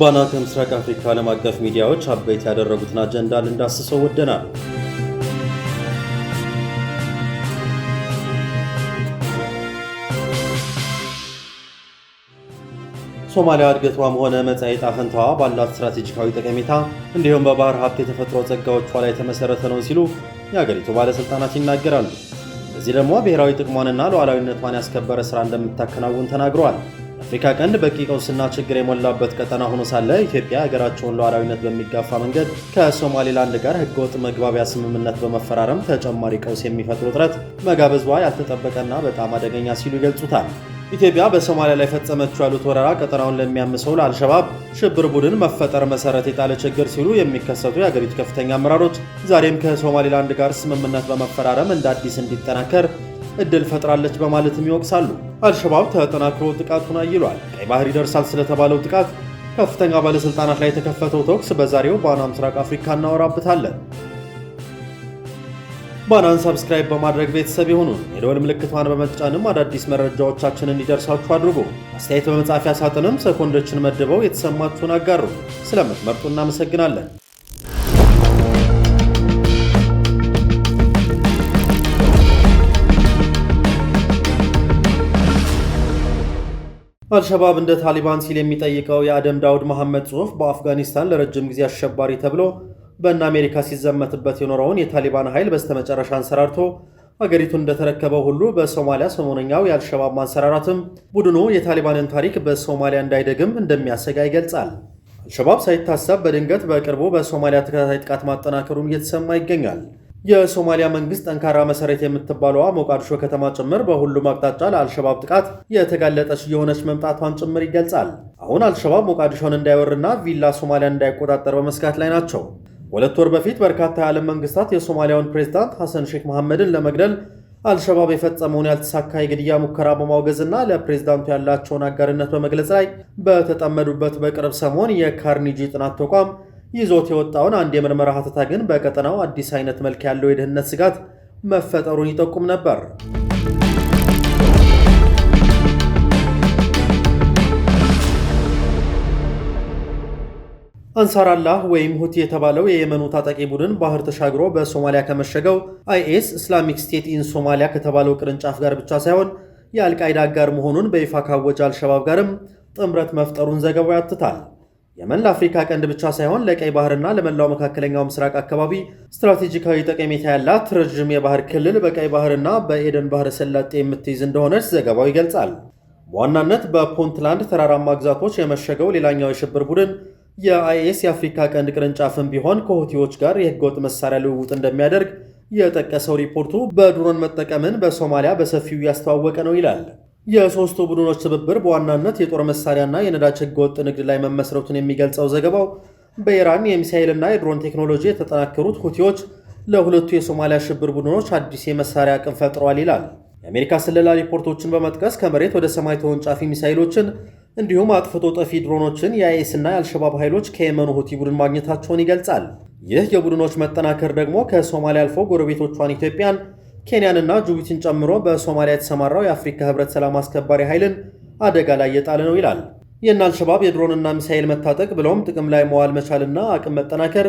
ባና ከምስራቅ አፍሪካ ዓለም አቀፍ ሚዲያዎች አበይት ያደረጉትን አጀንዳ ልንዳስሰው ወደናል። ሶማሊያ እድገቷም ሆነ መጻኢ ዕጣ ፈንታዋ ባላት ስትራቴጂካዊ ጠቀሜታ እንዲሁም በባህር ሀብት የተፈጥሮ ጸጋዎቿ ላይ የተመሠረተ ነው ሲሉ የአገሪቱ ባለሥልጣናት ይናገራሉ። በዚህ ደግሞ ብሔራዊ ጥቅሟንና ሉዓላዊነቷን ያስከበረ ሥራ እንደምታከናውን ተናግረዋል። አፍሪካ ቀንድ በቂ ቀውስና ችግር የሞላበት ቀጠና ሆኖ ሳለ ኢትዮጵያ ሀገራቸውን ሉዓላዊነት በሚጋፋ መንገድ ከሶማሌላንድ ጋር ህገወጥ መግባቢያ ስምምነት በመፈራረም ተጨማሪ ቀውስ የሚፈጥሩ ውጥረት መጋበዝዋ ያልተጠበቀና በጣም አደገኛ ሲሉ ይገልጹታል። ኢትዮጵያ በሶማሊያ ላይ ፈጸመችው ያሉት ወረራ ቀጠናውን ለሚያምሰው ለአልሸባብ ሽብር ቡድን መፈጠር መሰረት የጣለ ችግር ሲሉ የሚከሰቱ የአገሪቱ ከፍተኛ አመራሮች ዛሬም ከሶማሌላንድ ጋር ስምምነት በመፈራረም እንደ አዲስ እንዲጠናከር እድል ፈጥራለች በማለትም ይወቅሳሉ። አልሸባብ ተጠናክሮ ጥቃቱን አይሏል። ቀይ ባህር ይደርሳል ስለተባለው ጥቃት ከፍተኛ ባለስልጣናት ላይ የተከፈተው ተኩስ በዛሬው ባና ምስራቅ አፍሪካ እናወራበታለን። ባናን ሰብስክራይብ በማድረግ ቤተሰብ የሆኑን የደወል ምልክቷን በመጫንም አዳዲስ መረጃዎቻችን እንዲደርሳችሁ አድርጉ። አስተያየት በመጻፊያ ሳጥንም ሰኮንዶችን መድበው የተሰማችሁን አጋሩ። ስለምትመርጡ እናመሰግናለን። አልሸባብ እንደ ታሊባን ሲል የሚጠይቀው የአደም ዳውድ መሐመድ ጽሑፍ በአፍጋኒስታን ለረጅም ጊዜ አሸባሪ ተብሎ በእነ አሜሪካ ሲዘመትበት የኖረውን የታሊባን ኃይል በስተመጨረሻ አንሰራርቶ አገሪቱን እንደተረከበው ሁሉ በሶማሊያ ሰሞነኛው የአልሸባብ ማንሰራራትም ቡድኑ የታሊባንን ታሪክ በሶማሊያ እንዳይደግም እንደሚያሰጋ ይገልጻል። አልሸባብ ሳይታሰብ በድንገት በቅርቡ በሶማሊያ ተከታታይ ጥቃት ማጠናከሩም እየተሰማ ይገኛል። የሶማሊያ መንግስት ጠንካራ መሰረት የምትባለዋ ሞቃዲሾ ከተማ ጭምር በሁሉም አቅጣጫ ለአልሸባብ ጥቃት የተጋለጠች እየሆነች መምጣቷን ጭምር ይገልጻል። አሁን አልሸባብ ሞቃዲሾን እንዳይወርና ቪላ ሶማሊያን እንዳይቆጣጠር በመስጋት ላይ ናቸው። ሁለት ወር በፊት በርካታ የዓለም መንግስታት የሶማሊያውን ፕሬዝዳንት ሐሰን ሼክ መሐመድን ለመግደል አልሸባብ የፈጸመውን ያልተሳካ የግድያ ሙከራ በማውገዝና ለፕሬዝዳንቱ ያላቸውን አጋርነት በመግለጽ ላይ በተጠመዱበት በቅርብ ሰሞን የካርኒጂ ጥናት ተቋም ይዞት የወጣውን አንድ የምርመራ ሀተታ ግን በቀጠናው አዲስ አይነት መልክ ያለው የደህንነት ስጋት መፈጠሩን ይጠቁም ነበር። አንሳር ወይም ሁቲ የተባለው የየመኑ ታጣቂ ቡድን ባህር ተሻግሮ በሶማሊያ ከመሸገው አይኤስ እስላሚክ ስቴት ኢን ሶማሊያ ከተባለው ቅርንጫፍ ጋር ብቻ ሳይሆን የአልቃይዳ ጋር መሆኑን በይፋ ካወጀ አልሸባብ ጋርም ጥምረት መፍጠሩን ዘገባው ያትታል። የመን ለአፍሪካ ቀንድ ብቻ ሳይሆን ለቀይ ባህርና ለመላው መካከለኛው ምስራቅ አካባቢ ስትራቴጂካዊ ጠቀሜታ ያላት ረዥም የባህር ክልል በቀይ ባህርና በኤደን ባህረ ሰላጤ የምትይዝ እንደሆነች ዘገባው ይገልጻል። በዋናነት በፑንትላንድ ተራራማ ግዛቶች የመሸገው ሌላኛው የሽብር ቡድን የአይኤስ የአፍሪካ ቀንድ ቅርንጫፍን ቢሆን ከሁቲዎች ጋር የህገወጥ መሳሪያ ልውውጥ እንደሚያደርግ የጠቀሰው ሪፖርቱ በድሮን መጠቀምን በሶማሊያ በሰፊው እያስተዋወቀ ነው ይላል። የሶስቱ ቡድኖች ትብብር በዋናነት የጦር መሳሪያና የነዳጅ ህገወጥ ንግድ ላይ መመስረቱን የሚገልጸው ዘገባው በኢራን የሚሳኤልና የድሮን ቴክኖሎጂ የተጠናከሩት ሁቲዎች ለሁለቱ የሶማሊያ ሽብር ቡድኖች አዲስ የመሳሪያ አቅም ፈጥሯል ይላል። የአሜሪካ ስለላ ሪፖርቶችን በመጥቀስ ከመሬት ወደ ሰማይ ተወንጫፊ ሚሳይሎችን እንዲሁም አጥፍቶ ጠፊ ድሮኖችን የአይኤስና የአልሸባብ ኃይሎች ከየመኑ ሁቲ ቡድን ማግኘታቸውን ይገልጻል። ይህ የቡድኖች መጠናከር ደግሞ ከሶማሊያ አልፎ ጎረቤቶቿን ኢትዮጵያን ኬንያንና ጅቡቲን ጨምሮ በሶማሊያ የተሰማራው የአፍሪካ ህብረት ሰላም አስከባሪ ኃይልን አደጋ ላይ እየጣለ ነው ይላል። ይህን አልሸባብ የድሮንና ሚሳኤል መታጠቅ ብሎም ጥቅም ላይ መዋል መቻልና አቅም መጠናከር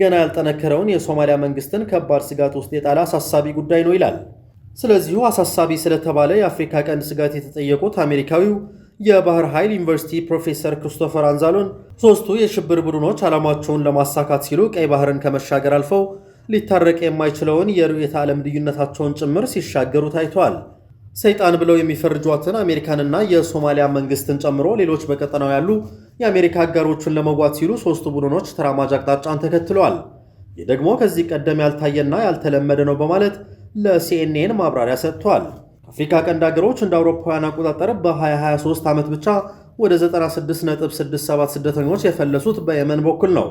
ገና ያልጠነከረውን የሶማሊያ መንግስትን ከባድ ስጋት ውስጥ የጣለ አሳሳቢ ጉዳይ ነው ይላል። ስለዚሁ አሳሳቢ ስለተባለ የአፍሪካ ቀንድ ስጋት የተጠየቁት አሜሪካዊው የባህር ኃይል ዩኒቨርሲቲ ፕሮፌሰር ክሪስቶፈር አንዛሎን ሦስቱ የሽብር ቡድኖች ዓላማቸውን ለማሳካት ሲሉ ቀይ ባህርን ከመሻገር አልፈው ሊታረቅ የማይችለውን የርዕዮተ ዓለም ልዩነታቸውን ጭምር ሲሻገሩ ታይቷል። ሰይጣን ብለው የሚፈርጇትን አሜሪካንና የሶማሊያ መንግስትን ጨምሮ ሌሎች በቀጠናው ያሉ የአሜሪካ አጋሮቹን ለመጓት ሲሉ ሦስቱ ቡድኖች ተራማጅ አቅጣጫን ተከትለዋል። ይህ ደግሞ ከዚህ ቀደም ያልታየና ያልተለመደ ነው በማለት ለሲኤንኤን ማብራሪያ ሰጥቷል። አፍሪካ ቀንድ አገሮች እንደ አውሮፓውያን አቆጣጠር በ2023 ዓመት ብቻ ወደ 96.67 ስደተኞች የፈለሱት በየመን በኩል ነው።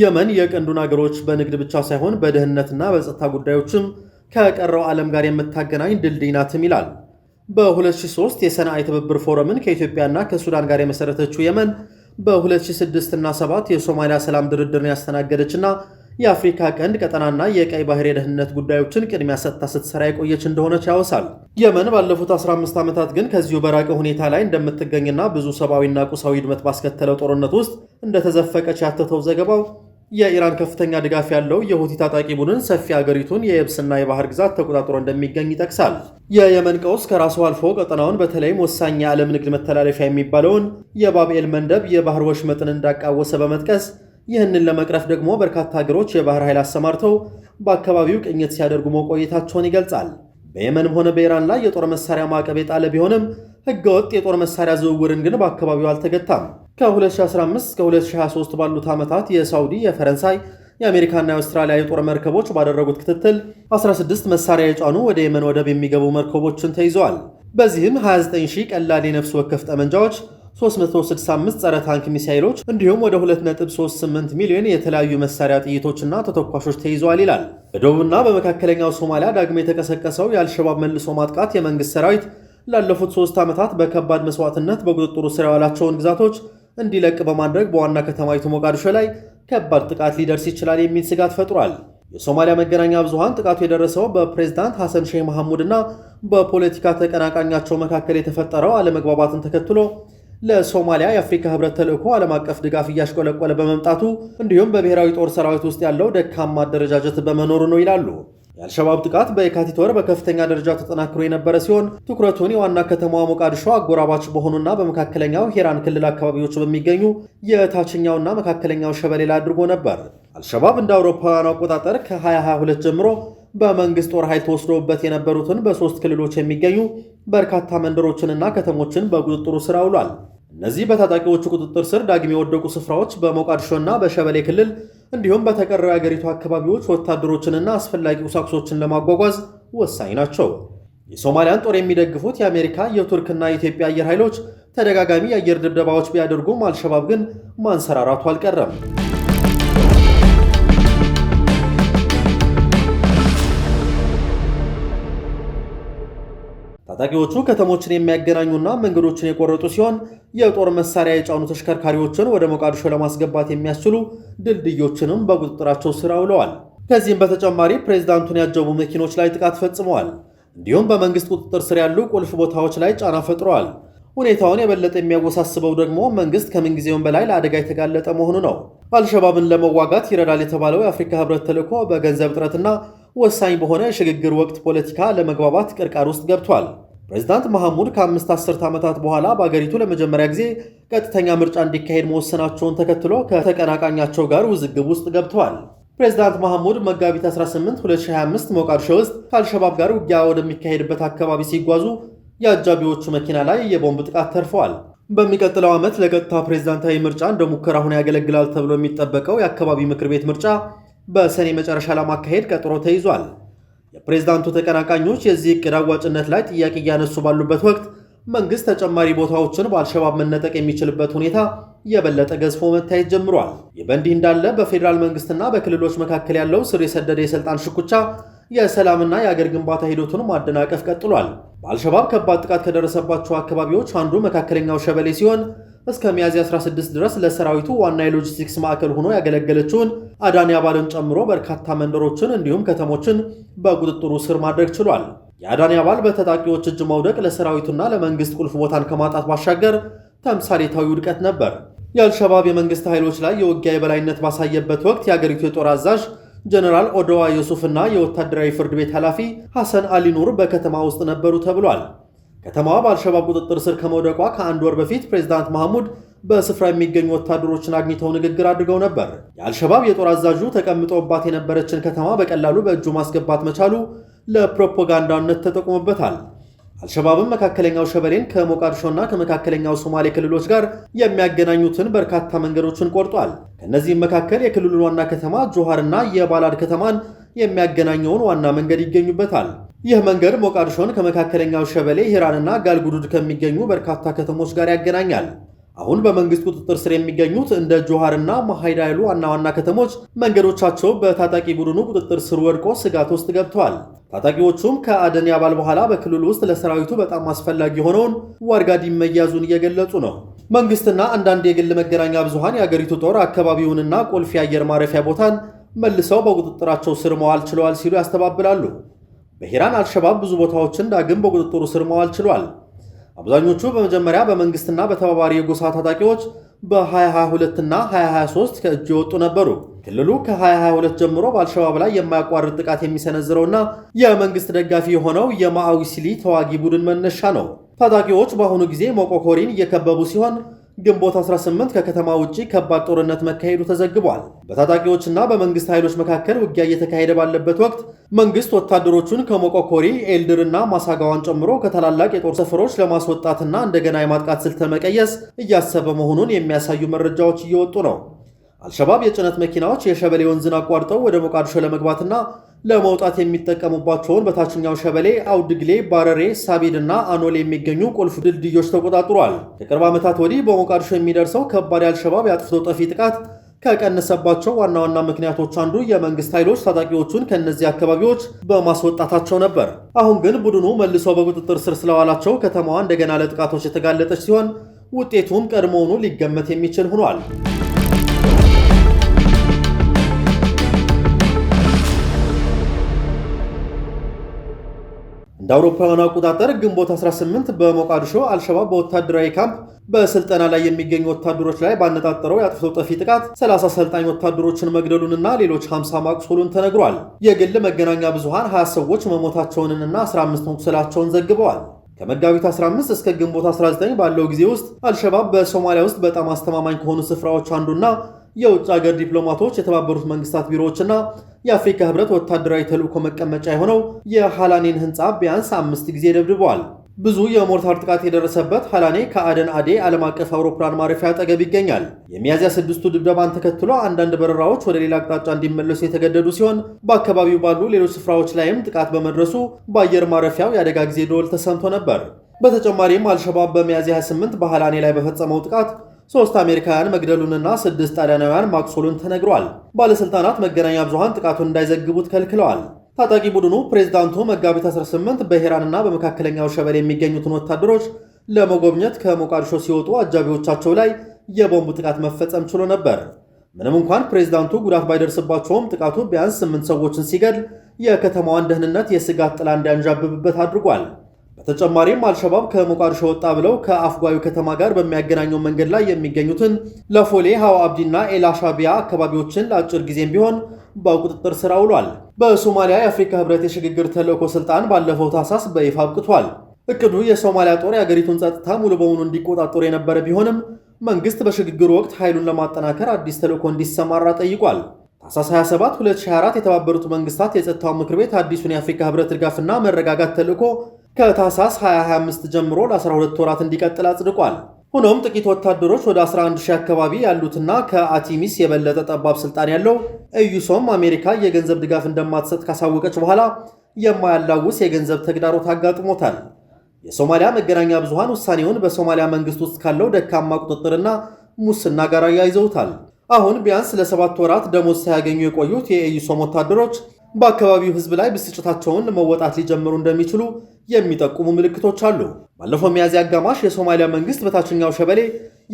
የመን የቀንዱን አገሮች በንግድ ብቻ ሳይሆን በደህንነትና በጸጥታ ጉዳዮችም ከቀረው ዓለም ጋር የምታገናኝ ድልድይ ናትም ይላል። በ2003 የሰንዓ የትብብር ፎረምን ከኢትዮጵያና ከሱዳን ጋር የመሠረተችው የመን በ2006 እና 7 የሶማሊያ ሰላም ድርድርን ያስተናገደችና የአፍሪካ ቀንድ ቀጠናና የቀይ ባህር የደህንነት ጉዳዮችን ቅድሚያ ሰጥታ ስትሰራ የቆየች እንደሆነች ያወሳል። የመን ባለፉት 15 ዓመታት ግን ከዚሁ በራቀ ሁኔታ ላይ እንደምትገኝና ብዙ ሰብአዊና ቁሳዊ ድመት ባስከተለው ጦርነት ውስጥ እንደተዘፈቀች ያተተው ዘገባው የኢራን ከፍተኛ ድጋፍ ያለው የሁቲ ታጣቂ ቡድን ሰፊ አገሪቱን የየብስና የባህር ግዛት ተቆጣጥሮ እንደሚገኝ ይጠቅሳል። የየመን ቀውስ ከራሱ አልፎ ቀጠናውን በተለይም ወሳኝ የዓለም ንግድ መተላለፊያ የሚባለውን የባብኤል መንደብ የባህር ወሽመጥን እንዳቃወሰ በመጥቀስ ይህንን ለመቅረፍ ደግሞ በርካታ ሀገሮች የባህር ኃይል አሰማርተው በአካባቢው ቅኝት ሲያደርጉ መቆየታቸውን ይገልጻል። በየመንም ሆነ በኢራን ላይ የጦር መሳሪያ ማዕቀብ የጣለ ቢሆንም ህገወጥ የጦር መሳሪያ ዝውውርን ግን በአካባቢው አልተገታም። ከ2015 እስከ 2023 ባሉት ዓመታት የሳውዲ፣ የፈረንሳይ፣ የአሜሪካና የአውስትራሊያ የጦር መርከቦች ባደረጉት ክትትል 16 መሳሪያ የጫኑ ወደ የመን ወደብ የሚገቡ መርከቦችን ተይዘዋል። በዚህም 29 ሺህ ቀላል የነፍስ ወከፍ ጠመንጃዎች 365 ጸረ ታንክ ሚሳይሎች እንዲሁም ወደ 2.38 ሚሊዮን የተለያዩ መሳሪያ ጥይቶችና ተተኳሾች ተይዘዋል ይላል። በደቡብና በመካከለኛው ሶማሊያ ዳግም የተቀሰቀሰው የአልሸባብ መልሶ ማጥቃት የመንግሥት ሰራዊት ላለፉት ሦስት ዓመታት በከባድ መስዋዕትነት በቁጥጥሩ ስር ያዋላቸውን ግዛቶች እንዲለቅ በማድረግ በዋና ከተማይቱ ሞቃዲሾ ላይ ከባድ ጥቃት ሊደርስ ይችላል የሚል ስጋት ፈጥሯል። የሶማሊያ መገናኛ ብዙሃን ጥቃቱ የደረሰው በፕሬዝዳንት ሐሰን ሼህ መሐሙድ እና በፖለቲካ ተቀናቃኛቸው መካከል የተፈጠረው አለመግባባትን ተከትሎ ለሶማሊያ የአፍሪካ ህብረት ተልዕኮ ዓለም አቀፍ ድጋፍ እያሽቆለቆለ በመምጣቱ እንዲሁም በብሔራዊ ጦር ሰራዊት ውስጥ ያለው ደካማ አደረጃጀት በመኖሩ ነው ይላሉ። የአልሸባብ ጥቃት በየካቲት ወር በከፍተኛ ደረጃ ተጠናክሮ የነበረ ሲሆን ትኩረቱን የዋና ከተማዋ ሞቃዲሾ አጎራባች በሆኑና በመካከለኛው ሄራን ክልል አካባቢዎች በሚገኙ የታችኛውና መካከለኛው ሸበሌላ አድርጎ ነበር። አልሸባብ እንደ አውሮፓውያኑ አቆጣጠር ከ2022 ጀምሮ በመንግስት ጦር ኃይል ተወስዶበት የነበሩትን በሶስት ክልሎች የሚገኙ በርካታ መንደሮችንና ከተሞችን በቁጥጥሩ ስር አውሏል። እነዚህ በታጣቂዎቹ ቁጥጥር ስር ዳግም የወደቁ ስፍራዎች በሞቃዲሾና በሸበሌ ክልል እንዲሁም በተቀረው የአገሪቱ አካባቢዎች ወታደሮችንና አስፈላጊ ቁሳቁሶችን ለማጓጓዝ ወሳኝ ናቸው። የሶማሊያን ጦር የሚደግፉት የአሜሪካ የቱርክና የኢትዮጵያ አየር ኃይሎች ተደጋጋሚ የአየር ድብደባዎች ቢያደርጉም አልሸባብ ግን ማንሰራራቱ አልቀረም። ታጣቂዎቹ ከተሞችን የሚያገናኙና መንገዶችን የቆረጡ ሲሆን የጦር መሳሪያ የጫኑ ተሽከርካሪዎችን ወደ ሞቃዲሾ ለማስገባት የሚያስችሉ ድልድዮችንም በቁጥጥራቸው ስር አውለዋል። ከዚህም በተጨማሪ ፕሬዝዳንቱን ያጀቡ መኪኖች ላይ ጥቃት ፈጽመዋል። እንዲሁም በመንግስት ቁጥጥር ስር ያሉ ቁልፍ ቦታዎች ላይ ጫና ፈጥረዋል። ሁኔታውን የበለጠ የሚያወሳስበው ደግሞ መንግስት ከምንጊዜውም በላይ ለአደጋ የተጋለጠ መሆኑ ነው። አልሸባብን ለመዋጋት ይረዳል የተባለው የአፍሪካ ህብረት ተልዕኮ በገንዘብ እጥረትና ወሳኝ በሆነ የሽግግር ወቅት ፖለቲካ ለመግባባት ቅርቃር ውስጥ ገብቷል። ፕሬዚዳንት መሐሙድ ከአምስት አስርት ዓመታት በኋላ በአገሪቱ ለመጀመሪያ ጊዜ ቀጥተኛ ምርጫ እንዲካሄድ መወሰናቸውን ተከትሎ ከተቀናቃኛቸው ጋር ውዝግብ ውስጥ ገብተዋል። ፕሬዚዳንት መሐሙድ መጋቢት 18 2025 ሞቃዲሾ ውስጥ ከአልሸባብ ጋር ውጊያ ወደሚካሄድበት አካባቢ ሲጓዙ የአጃቢዎቹ መኪና ላይ የቦምብ ጥቃት ተርፈዋል። በሚቀጥለው ዓመት ለቀጥታ ፕሬዚዳንታዊ ምርጫ እንደ ሙከራ ሆኖ ያገለግላል ተብሎ የሚጠበቀው የአካባቢ ምክር ቤት ምርጫ በሰኔ መጨረሻ ለማካሄድ ቀጠሮ ተይዟል። የፕሬዝዳንቱ ተቀናቃኞች የዚህ እቅድ አዋጭነት ላይ ጥያቄ እያነሱ ባሉበት ወቅት መንግስት ተጨማሪ ቦታዎችን በአልሸባብ መነጠቅ የሚችልበት ሁኔታ የበለጠ ገዝፎ መታየት ጀምሯል። ይህ በእንዲህ እንዳለ በፌዴራል መንግስትና በክልሎች መካከል ያለው ስር የሰደደ የሥልጣን ሽኩቻ የሰላምና የአገር ግንባታ ሂደቱን ማደናቀፍ ቀጥሏል። በአልሸባብ ከባድ ጥቃት ከደረሰባቸው አካባቢዎች አንዱ መካከለኛው ሸበሌ ሲሆን እስከ ሚያዝያ 16 ድረስ ለሰራዊቱ ዋና የሎጂስቲክስ ማዕከል ሆኖ ያገለገለችውን አዳኒ አባልን ጨምሮ በርካታ መንደሮችን እንዲሁም ከተሞችን በቁጥጥሩ ስር ማድረግ ችሏል። የአዳኒ አባል በታጣቂዎች እጅ መውደቅ ለሰራዊቱና ለመንግስት ቁልፍ ቦታን ከማጣት ባሻገር ተምሳሌታዊ ውድቀት ነበር። የአልሸባብ የመንግስት ኃይሎች ላይ የውጊያ የበላይነት ባሳየበት ወቅት የአገሪቱ የጦር አዛዥ ጀነራል ኦደዋ ዮሱፍና እና የወታደራዊ ፍርድ ቤት ኃላፊ ሐሰን አሊ ኑር በከተማ ውስጥ ነበሩ ተብሏል። ከተማዋ በአልሸባብ ቁጥጥር ስር ከመውደቋ ከአንድ ወር በፊት ፕሬዚዳንት መሐሙድ በስፍራ የሚገኙ ወታደሮችን አግኝተው ንግግር አድርገው ነበር። የአልሸባብ የጦር አዛዡ ተቀምጦባት የነበረችን ከተማ በቀላሉ በእጁ ማስገባት መቻሉ ለፕሮፓጋንዳነት ተጠቁሞበታል። አልሸባብም መካከለኛው ሸበሌን ከሞቃዲሾና ከመካከለኛው ሶማሌ ክልሎች ጋር የሚያገናኙትን በርካታ መንገዶችን ቆርጧል። ከእነዚህም መካከል የክልሉን ዋና ከተማ ጆሃርና የባላድ ከተማን የሚያገናኘውን ዋና መንገድ ይገኙበታል። ይህ መንገድ ሞቃዲሾን ከመካከለኛው ሸበሌ ሂራንና ጋልጉዱድ ከሚገኙ በርካታ ከተሞች ጋር ያገናኛል። አሁን በመንግስት ቁጥጥር ስር የሚገኙት እንደ ጆሃርና ማሃይዳ ያሉ ዋና ዋና ከተሞች መንገዶቻቸው በታጣቂ ቡድኑ ቁጥጥር ስር ወድቆ ስጋት ውስጥ ገብተዋል። ታጣቂዎቹም ከአደን ያባል በኋላ በክልሉ ውስጥ ለሰራዊቱ በጣም አስፈላጊ የሆነውን ዋርጋዲ መያዙን እየገለጹ ነው። መንግስትና አንዳንድ የግል መገናኛ ብዙሃን የአገሪቱ ጦር አካባቢውንና ቁልፍ የአየር ማረፊያ ቦታን መልሰው በቁጥጥራቸው ስር መዋል ችለዋል ሲሉ ያስተባብላሉ። በሂራን አልሸባብ ብዙ ቦታዎችን ዳግም በቁጥጥሩ ስር መዋል ችሏል። አብዛኞቹ በመጀመሪያ በመንግስትና በተባባሪ የጎሳ ታጣቂዎች በ2022 እና 2023 ከእጅ የወጡ ነበሩ። ክልሉ ከ2022 ጀምሮ በአልሸባብ ላይ የማያቋርጥ ጥቃት የሚሰነዝረውና የመንግስት ደጋፊ የሆነው የማአዊሲሊ ተዋጊ ቡድን መነሻ ነው። ታጣቂዎች በአሁኑ ጊዜ ሞቆኮሪን እየከበቡ ሲሆን ግንቦት 18 ከከተማ ውጪ ከባድ ጦርነት መካሄዱ ተዘግቧል። በታጣቂዎችና በመንግስት ኃይሎች መካከል ውጊያ እየተካሄደ ባለበት ወቅት መንግስት ወታደሮቹን ከሞቆኮሪ ኤልድርና ማሳጋዋን ጨምሮ ከታላላቅ የጦር ሰፈሮች ለማስወጣትና እንደገና የማጥቃት ስልት ለመቀየስ እያሰበ መሆኑን የሚያሳዩ መረጃዎች እየወጡ ነው። አልሸባብ የጭነት መኪናዎች የሸበሌ ወንዝን አቋርጠው ወደ ሞቃዲሾ ለመግባትና ለመውጣት የሚጠቀሙባቸውን በታችኛው ሸበሌ፣ አውድግሌ፣ ባረሬ፣ ሳቢድ እና አኖሌ የሚገኙ ቁልፍ ድልድዮች ተቆጣጥሯል። ከቅርብ ዓመታት ወዲህ በሞቃዲሾ የሚደርሰው ከባድ አልሸባብ የአጥፍቶ ጠፊ ጥቃት ከቀነሰባቸው ዋና ዋና ምክንያቶች አንዱ የመንግስት ኃይሎች ታጣቂዎቹን ከእነዚህ አካባቢዎች በማስወጣታቸው ነበር። አሁን ግን ቡድኑ መልሶ በቁጥጥር ስር ስለዋላቸው ከተማዋ እንደገና ለጥቃቶች የተጋለጠች ሲሆን ውጤቱም ቀድሞውኑ ሊገመት የሚችል ሆኗል። እንደ አውሮፓውያኑ አቆጣጠር ግንቦት 18 በሞቃዲሾ አልሸባብ በወታደራዊ ካምፕ በስልጠና ላይ የሚገኙ ወታደሮች ላይ ባነጣጠረው የአጥፍቶ ጠፊ ጥቃት 30 አሰልጣኝ ወታደሮችን መግደሉንና ሌሎች 50 ማቁሰሉን ተነግሯል። የግል መገናኛ ብዙሃን 20 ሰዎች መሞታቸውንና 15 መቁሰላቸውን ዘግበዋል። ከመጋቢት 15 እስከ ግንቦት 19 ባለው ጊዜ ውስጥ አልሸባብ በሶማሊያ ውስጥ በጣም አስተማማኝ ከሆኑ ስፍራዎች አንዱና የውጭ ሀገር ዲፕሎማቶች የተባበሩት መንግስታት ቢሮዎችና የአፍሪካ ህብረት ወታደራዊ ተልዕኮ መቀመጫ የሆነው የሃላኔን ህንፃ ቢያንስ አምስት ጊዜ ደብድበዋል። ብዙ የሞርታር ጥቃት የደረሰበት ሃላኔ ከአደን አዴ ዓለም አቀፍ አውሮፕላን ማረፊያ አጠገብ ይገኛል። የሚያዝያ ስድስቱ ድብደባን ተከትሎ አንዳንድ በረራዎች ወደ ሌላ አቅጣጫ እንዲመለሱ የተገደዱ ሲሆን በአካባቢው ባሉ ሌሎች ስፍራዎች ላይም ጥቃት በመድረሱ በአየር ማረፊያው የአደጋ ጊዜ ደወል ተሰምቶ ነበር። በተጨማሪም አልሸባብ በሚያዝያ 28 በሃላኔ ላይ በፈጸመው ጥቃት ሶስት አሜሪካውያን መግደሉንና ስድስት ጣሊያናውያን ማቁሰሉን ተነግሯል። ባለሥልጣናት መገናኛ ብዙሃን ጥቃቱን እንዳይዘግቡት ከልክለዋል። ታጣቂ ቡድኑ ፕሬዝዳንቱ መጋቢት 18 በሄራንና በመካከለኛው ሸበል የሚገኙትን ወታደሮች ለመጎብኘት ከሞቃዲሾ ሲወጡ አጃቢዎቻቸው ላይ የቦምብ ጥቃት መፈጸም ችሎ ነበር። ምንም እንኳን ፕሬዝዳንቱ ጉዳት ባይደርስባቸውም ጥቃቱ ቢያንስ ስምንት ሰዎችን ሲገድል የከተማዋን ደህንነት የስጋት ጥላ እንዲያንዣብብበት አድርጓል። በተጨማሪም አልሸባብ ከሞቃዲሾ ወጣ ብለው ከአፍጓዩ ከተማ ጋር በሚያገናኘው መንገድ ላይ የሚገኙትን ለፎሌ፣ ሀዋ አብዲና ኤላሻቢያ አካባቢዎችን ለአጭር ጊዜም ቢሆን በቁጥጥር ስር አውሏል። በሶማሊያ የአፍሪካ ህብረት የሽግግር ተልእኮ ስልጣን ባለፈው ታህሳስ በይፋ አብቅቷል። እቅዱ የሶማሊያ ጦር የአገሪቱን ጸጥታ ሙሉ በሙሉ እንዲቆጣጠሩ የነበረ ቢሆንም መንግስት በሽግግሩ ወቅት ኃይሉን ለማጠናከር አዲስ ተልእኮ እንዲሰማራ ጠይቋል። ታህሳስ 27 2024 የተባበሩት መንግስታት የጸጥታው ምክር ቤት አዲሱን የአፍሪካ ህብረት ድጋፍና መረጋጋት ተልእኮ ከታህሳስ 2025 ጀምሮ ለ12 ወራት እንዲቀጥል አጽድቋል። ሆኖም ጥቂት ወታደሮች ወደ 11 ሺህ አካባቢ ያሉትና ከአቲሚስ የበለጠ ጠባብ ስልጣን ያለው እዩሶም አሜሪካ የገንዘብ ድጋፍ እንደማትሰጥ ካሳወቀች በኋላ የማያላውስ የገንዘብ ተግዳሮት አጋጥሞታል። የሶማሊያ መገናኛ ብዙሃን ውሳኔውን በሶማሊያ መንግስት ውስጥ ካለው ደካማ ቁጥጥርና ሙስና ጋር አያይዘውታል። አሁን ቢያንስ ለሰባት ወራት ደሞዝ ሳያገኙ የቆዩት የኤዩሶም ወታደሮች በአካባቢው ህዝብ ላይ ብስጭታቸውን መወጣት ሊጀምሩ እንደሚችሉ የሚጠቁሙ ምልክቶች አሉ። ባለፈው ሚያዝያ አጋማሽ የሶማሊያ መንግስት በታችኛው ሸበሌ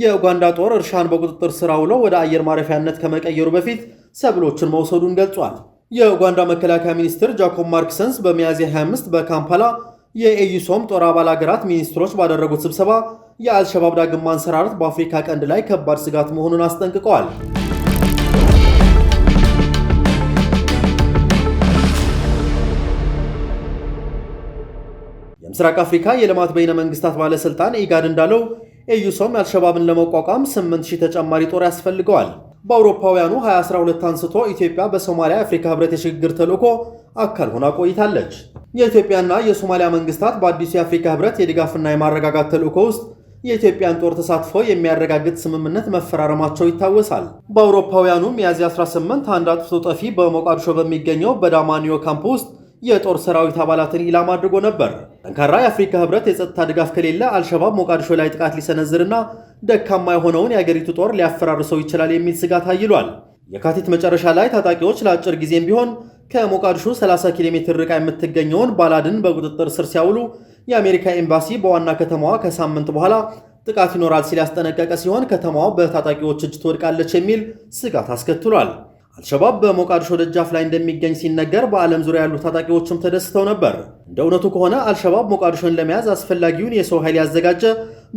የኡጋንዳ ጦር እርሻን በቁጥጥር ስር አውሎ ወደ አየር ማረፊያነት ከመቀየሩ በፊት ሰብሎችን መውሰዱን ገልጿል። የኡጋንዳ መከላከያ ሚኒስትር ጃኮብ ማርክሰንስ በሚያዝያ 25 በካምፓላ የኤዩሶም ጦር አባል አገራት ሚኒስትሮች ባደረጉት ስብሰባ የአልሸባብ ዳግም ማንሰራረት በአፍሪካ ቀንድ ላይ ከባድ ስጋት መሆኑን አስጠንቅቀዋል። ምስራቅ አፍሪካ የልማት በይነ መንግስታት ባለስልጣን ኢጋድ እንዳለው ኤዩሶም አልሸባብን ለመቋቋም 8000 ተጨማሪ ጦር ያስፈልገዋል። በአውሮፓውያኑ 2012 አንስቶ ኢትዮጵያ በሶማሊያ የአፍሪካ ህብረት የሽግግር ተልዕኮ አካል ሆና ቆይታለች። የኢትዮጵያና የሶማሊያ መንግስታት በአዲሱ የአፍሪካ ህብረት የድጋፍና የማረጋጋት ተልዕኮ ውስጥ የኢትዮጵያን ጦር ተሳትፎ የሚያረጋግጥ ስምምነት መፈራረማቸው ይታወሳል። በአውሮፓውያኑ ሚያዝያ 18 አንድ አጥፍቶ ጠፊ በሞቃዲሾ በሚገኘው በዳማኒዮ ካምፕ ውስጥ የጦር ሰራዊት አባላትን ኢላማ አድርጎ ነበር። ጠንካራ የአፍሪካ ህብረት የጸጥታ ድጋፍ ከሌለ አልሸባብ ሞቃዲሾ ላይ ጥቃት ሊሰነዝርና ደካማ የሆነውን የአገሪቱ ጦር ሊያፈራርሰው ይችላል የሚል ስጋት አይሏል። የካቲት መጨረሻ ላይ ታጣቂዎች ለአጭር ጊዜም ቢሆን ከሞቃዲሾ 30 ኪሎ ሜትር ርቃ የምትገኘውን ባላድን በቁጥጥር ስር ሲያውሉ የአሜሪካ ኤምባሲ በዋና ከተማዋ ከሳምንት በኋላ ጥቃት ይኖራል ሲል ያስጠነቀቀ ሲሆን ከተማዋ በታጣቂዎች እጅ ትወድቃለች የሚል ስጋት አስከትሏል። አልሸባብ በሞቃዲሾ ደጃፍ ላይ እንደሚገኝ ሲነገር በዓለም ዙሪያ ያሉ ታጣቂዎችም ተደስተው ነበር። እንደ እውነቱ ከሆነ አልሸባብ ሞቃዲሾን ለመያዝ አስፈላጊውን የሰው ኃይል ያዘጋጀ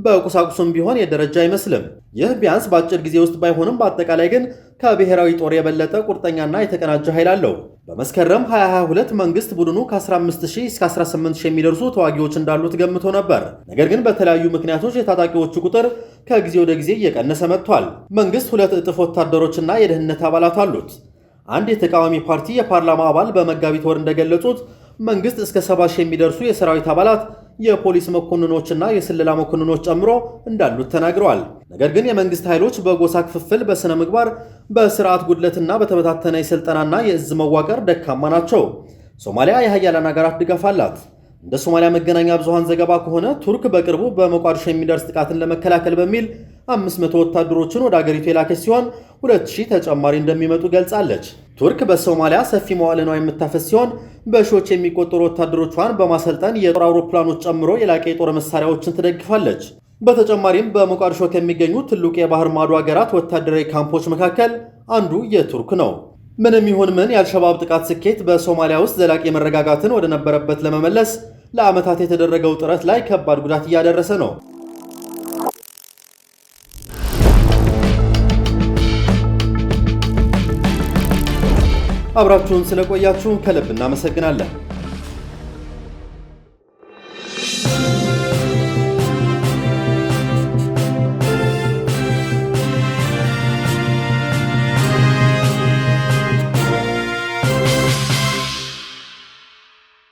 በቁሳቁሱም ቢሆን የደረጃ አይመስልም። ይህ ቢያንስ በአጭር ጊዜ ውስጥ ባይሆንም በአጠቃላይ ግን ከብሔራዊ ጦር የበለጠ ቁርጠኛና የተቀናጀ ኃይል አለው። በመስከረም 2022 መንግስት ቡድኑ ከ15000 እስከ 18000 የሚደርሱ ተዋጊዎች እንዳሉት ገምቶ ነበር። ነገር ግን በተለያዩ ምክንያቶች የታጣቂዎቹ ቁጥር ከጊዜ ወደ ጊዜ እየቀነሰ መጥቷል። መንግስት ሁለት እጥፍ ወታደሮችና የደህንነት አባላት አሉት። አንድ የተቃዋሚ ፓርቲ የፓርላማ አባል በመጋቢት ወር እንደገለጹት መንግስት እስከ ሰባ ሺህ የሚደርሱ የሰራዊት አባላት የፖሊስ መኮንኖችና የስለላ መኮንኖች ጨምሮ እንዳሉት ተናግረዋል። ነገር ግን የመንግስት ኃይሎች በጎሳ ክፍፍል፣ በሥነ ምግባር፣ በስርዓት ጉድለትና በተበታተነ የሥልጠናና የእዝ መዋቅር ደካማ ናቸው። ሶማሊያ የሀያላን ሀገራት ድጋፍ አላት። እንደ ሶማሊያ መገናኛ ብዙሃን ዘገባ ከሆነ ቱርክ በቅርቡ በሞቃዲሾ የሚደርስ ጥቃትን ለመከላከል በሚል 500 ወታደሮችን ወደ አገሪቱ የላከች ሲሆን ሺህ ተጨማሪ እንደሚመጡ ገልጻለች። ቱርክ በሶማሊያ ሰፊ መዋለ ንዋይ የምታፈስ ሲሆን በሺዎች የሚቆጠሩ ወታደሮቿን በማሰልጠን የጦር አውሮፕላኖች ጨምሮ የላቀ የጦር መሳሪያዎችን ትደግፋለች። በተጨማሪም በሞቃዲሾ ከሚገኙ ትልቁ የባህር ማዶ ሀገራት ወታደራዊ ካምፖች መካከል አንዱ የቱርክ ነው። ምንም ይሁን ምን የአልሸባብ ጥቃት ስኬት በሶማሊያ ውስጥ ዘላቂ መረጋጋትን ወደነበረበት ለመመለስ ለዓመታት የተደረገው ጥረት ላይ ከባድ ጉዳት እያደረሰ ነው። አብራችሁን ስለቆያችሁ ከልብ እናመሰግናለን።